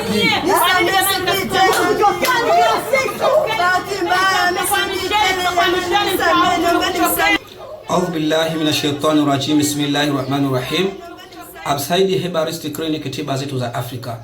haki. Audhu billahi minash rajim. Bismillahir rahmanir rahim. Absaidi Herbal Clinic, tiba zetu za Afrika.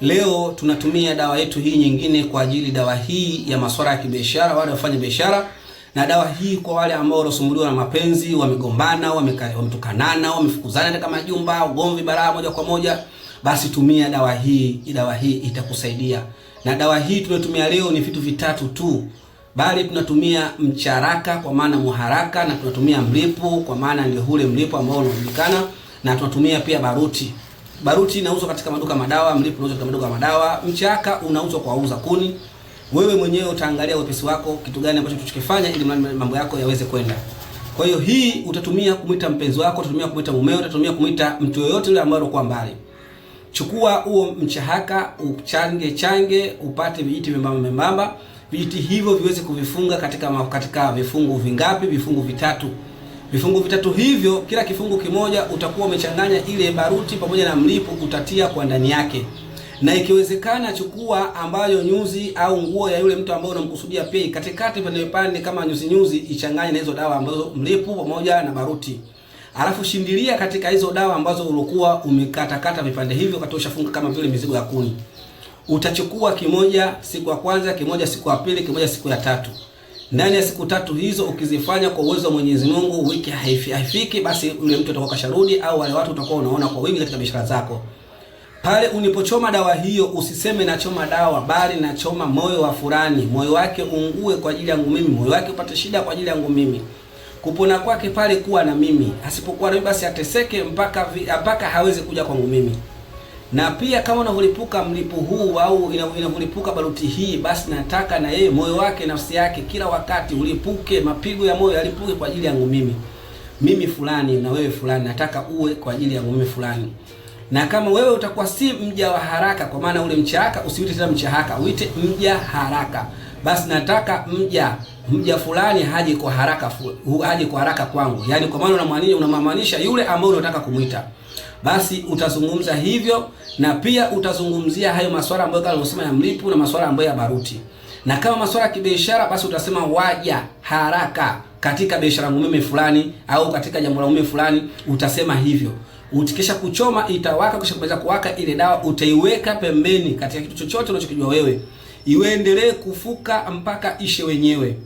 Leo tunatumia dawa yetu hii nyingine kwa ajili dawa hii ya masuala ya kibiashara, wale wafanya biashara na dawa hii kwa wale ambao wanasumbuliwa na mapenzi, wamegombana, wametukanana, wamefukuzana katika majumba, ugomvi, balaa moja kwa moja basi tumia dawa hii. Dawa hii itakusaidia, na dawa hii tunayotumia leo ni vitu vitatu tu, bali tunatumia mcharaka kwa maana muharaka, na tunatumia mlipo kwa maana ndio ule mlipo ambao unajulikana, na tunatumia pia baruti. Baruti inauzwa katika maduka madawa, mlipo unauzwa katika maduka madawa, mchaka unauzwa kwa wauza kuni. Wewe mwenyewe utaangalia wepesi wako, kitu gani ambacho tutakifanya ili mambo yako yaweze kwenda. Kwa hiyo hii utatumia kumwita mpenzi wako, utatumia kumwita mumeo, utatumia kumwita mtu yoyote yule ambaye alikuwa mbali. Chukua huo mchahaka uchange change, upate vijiti membamba membamba. Vijiti hivyo viweze kuvifunga katika katika vifungu vingapi? Vifungu vitatu. Vifungu vitatu hivyo, kila kifungu kimoja utakuwa umechanganya ile baruti pamoja na mlipu, utatia kwa ndani yake, na ikiwezekana chukua ambayo nyuzi au nguo ya yule mtu ambaye unamkusudia pei, katikati pande pande, kama nyuzi nyuzi, ichanganye na hizo dawa ambazo mlipu pamoja na baruti alafu shindilia katika hizo dawa ambazo ulikuwa umekatakata vipande hivyo kati ushafunga kama vile mizigo ya kuni. Utachukua kimoja siku ya kwanza, kimoja siku ya pili, kimoja siku ya tatu. Ndani ya siku tatu hizo ukizifanya kwa uwezo wa Mwenyezi Mungu, wiki haifiki, haifiki, basi ule mtu atakuwa kasharudi, au wale watu utakuwa unaona kwa wingi katika biashara zako. Pale unipochoma dawa hiyo, usiseme nachoma dawa, bali nachoma moyo wa fulani, moyo wake ungue kwa ajili yangu mimi, moyo wake upate shida kwa ajili yangu mimi kupona kwake pale kuwa na mimi, asipokuwa na mimi basi ateseke mpaka vi, mpaka hawezi kuja kwangu mimi. Na pia kama unavyolipuka mlipu huu au inavyolipuka baruti hii, basi nataka na yeye moyo wake, nafsi yake, kila wakati ulipuke, mapigo ya moyo yalipuke kwa ajili yangu mimi, mimi fulani na wewe fulani, nataka uwe kwa ajili yangu mimi fulani. Na kama wewe utakuwa si mja wa haraka, kwa maana ule mchaka, usiwite tena mchahaka, uite mja haraka basi nataka mja mja fulani haje kwa haraka haje kwa haraka kwangu, yaani kwa maana unamaanisha unamaanisha yule ambaye unataka kumwita, basi utazungumza hivyo, na pia utazungumzia hayo masuala ambayo kama unasema ya mlipu na masuala ambayo ya baruti, na kama masuala ya kibiashara, basi utasema waja haraka katika biashara yangu mimi fulani au katika jambo la mimi fulani, utasema hivyo. Utikisha kuchoma itawaka, kisha kuweza kuwaka ile dawa utaiweka pembeni katika kitu chochote unachokijua wewe iwendelee kufuka mpaka ishe wenyewe.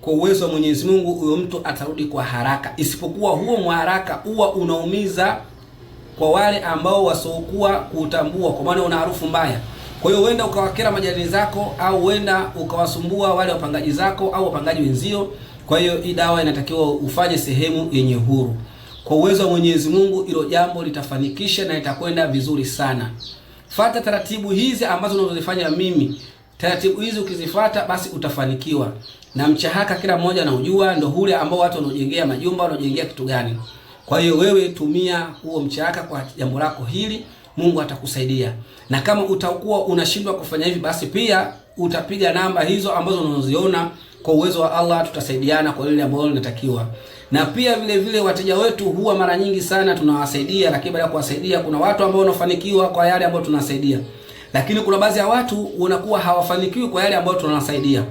Kwa uwezo wa Mwenyezi Mungu, huyo mtu atarudi kwa haraka, isipokuwa huo mwaraka huwa unaumiza kwa wale ambao wasiokuwa kuutambua, kwa maana una harufu mbaya. Kwa hiyo huenda ukawakera majirani zako, au huenda ukawasumbua wale wapangaji zako au wapangaji wenzio. Kwa hiyo hii dawa inatakiwa ufanye sehemu yenye huru. Kwa uwezo wa Mwenyezi Mungu, hilo jambo litafanikisha na itakwenda vizuri sana. Fata taratibu hizi ambazo unazozifanya mimi Taratibu hizi ukizifuata, basi utafanikiwa. Na mchahaka kila mmoja anaujua, ndio hule ambao watu wanaojengea majumba, wanaojengea kitu gani. Kwa hiyo wewe tumia huo mchahaka kwa jambo lako hili, Mungu atakusaidia. Na kama utakuwa unashindwa kufanya hivi, basi pia utapiga namba hizo ambazo unaziona kwa uwezo wa Allah tutasaidiana kwa lile ambalo linatakiwa. Na pia vile vile wateja wetu huwa mara nyingi sana tunawasaidia, lakini baada ya kuwasaidia kuna watu ambao wanafanikiwa kwa yale ambayo tunawasaidia lakini kuna baadhi ya watu wanakuwa hawafanikiwi kwa yale ambayo tunawasaidia.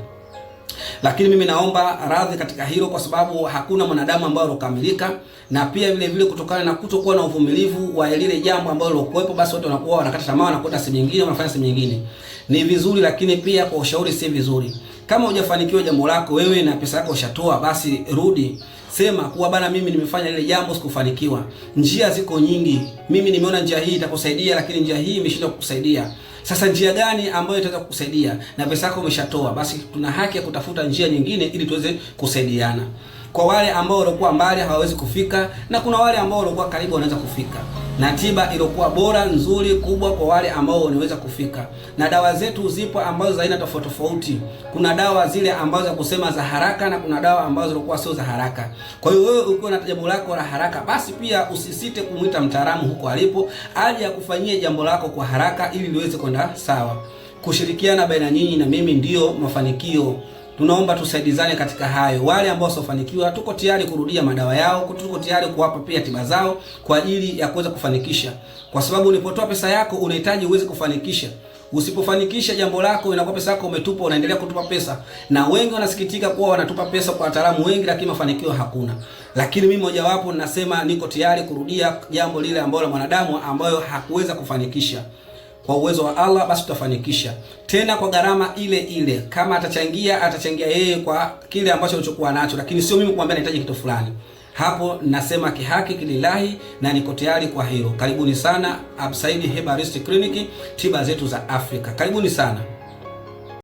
Lakini mimi naomba radhi katika hilo, kwa sababu hakuna mwanadamu ambaye alokamilika, na pia vile vile kutokana na kutokuwa na uvumilivu wa lile jambo ambalo lilokuwepo, basi watu wanakuwa wanakata tamaa, wanakwenda sehemu nyingine, wanafanya sehemu nyingine. Ni vizuri, lakini pia kwa ushauri si vizuri. Kama hujafanikiwa jambo lako wewe na pesa yako ushatoa, basi rudi sema kuwa bana, mimi nimefanya lile jambo sikufanikiwa. Njia ziko nyingi, mimi nimeona njia hii itakusaidia, lakini njia hii imeshindwa kukusaidia. Sasa njia gani ambayo itaweza kukusaidia? Na pesa yako umeshatoa, basi tuna haki ya kutafuta njia nyingine ili tuweze kusaidiana. Kwa wale ambao walikuwa mbali hawawezi kufika, na kuna wale ambao walikuwa karibu wanaweza kufika na tiba iliyokuwa bora nzuri kubwa kwa wale ambao wanaweza kufika, na dawa zetu zipo ambazo za aina tofauti tofauti. Kuna dawa zile ambazo za kusema za haraka na kuna dawa ambazo zilikuwa sio za haraka. Kwa hiyo wewe ukiwa na jambo lako la haraka, basi pia usisite kumwita mtaalamu huko alipo aje akufanyie jambo lako kwa haraka ili liweze kwenda sawa. Kushirikiana baina nyinyi na mimi ndiyo mafanikio tunaomba tusaidizane katika hayo. Wale ambao wasiofanikiwa, tuko tayari kurudia madawa yao, tuko tayari kuwapa pia tiba zao kwa ajili ya kuweza kufanikisha, kwa sababu ulipotoa pesa yako unahitaji uweze kufanikisha. Usipofanikisha jambo lako, inakuwa pesa yako umetupa, unaendelea kutupa pesa, na wengi wanasikitika kuwa wanatupa pesa kwa wataalamu wengi, lakini mafanikio hakuna. Lakini mimi mojawapo ninasema niko tayari kurudia jambo lile ambalo mwanadamu ambayo hakuweza kufanikisha kwa uwezo wa Allah basi tutafanikisha, tena kwa gharama ile ile. Kama atachangia atachangia yeye kwa kile ambacho alichokuwa nacho, lakini sio mimi kumwambia nahitaji kitu fulani. Hapo nasema kihaki kililahi, na niko tayari kwa hilo. Karibuni sana Absaidi Hebarist Clinic, tiba zetu za Afrika. Karibuni sana.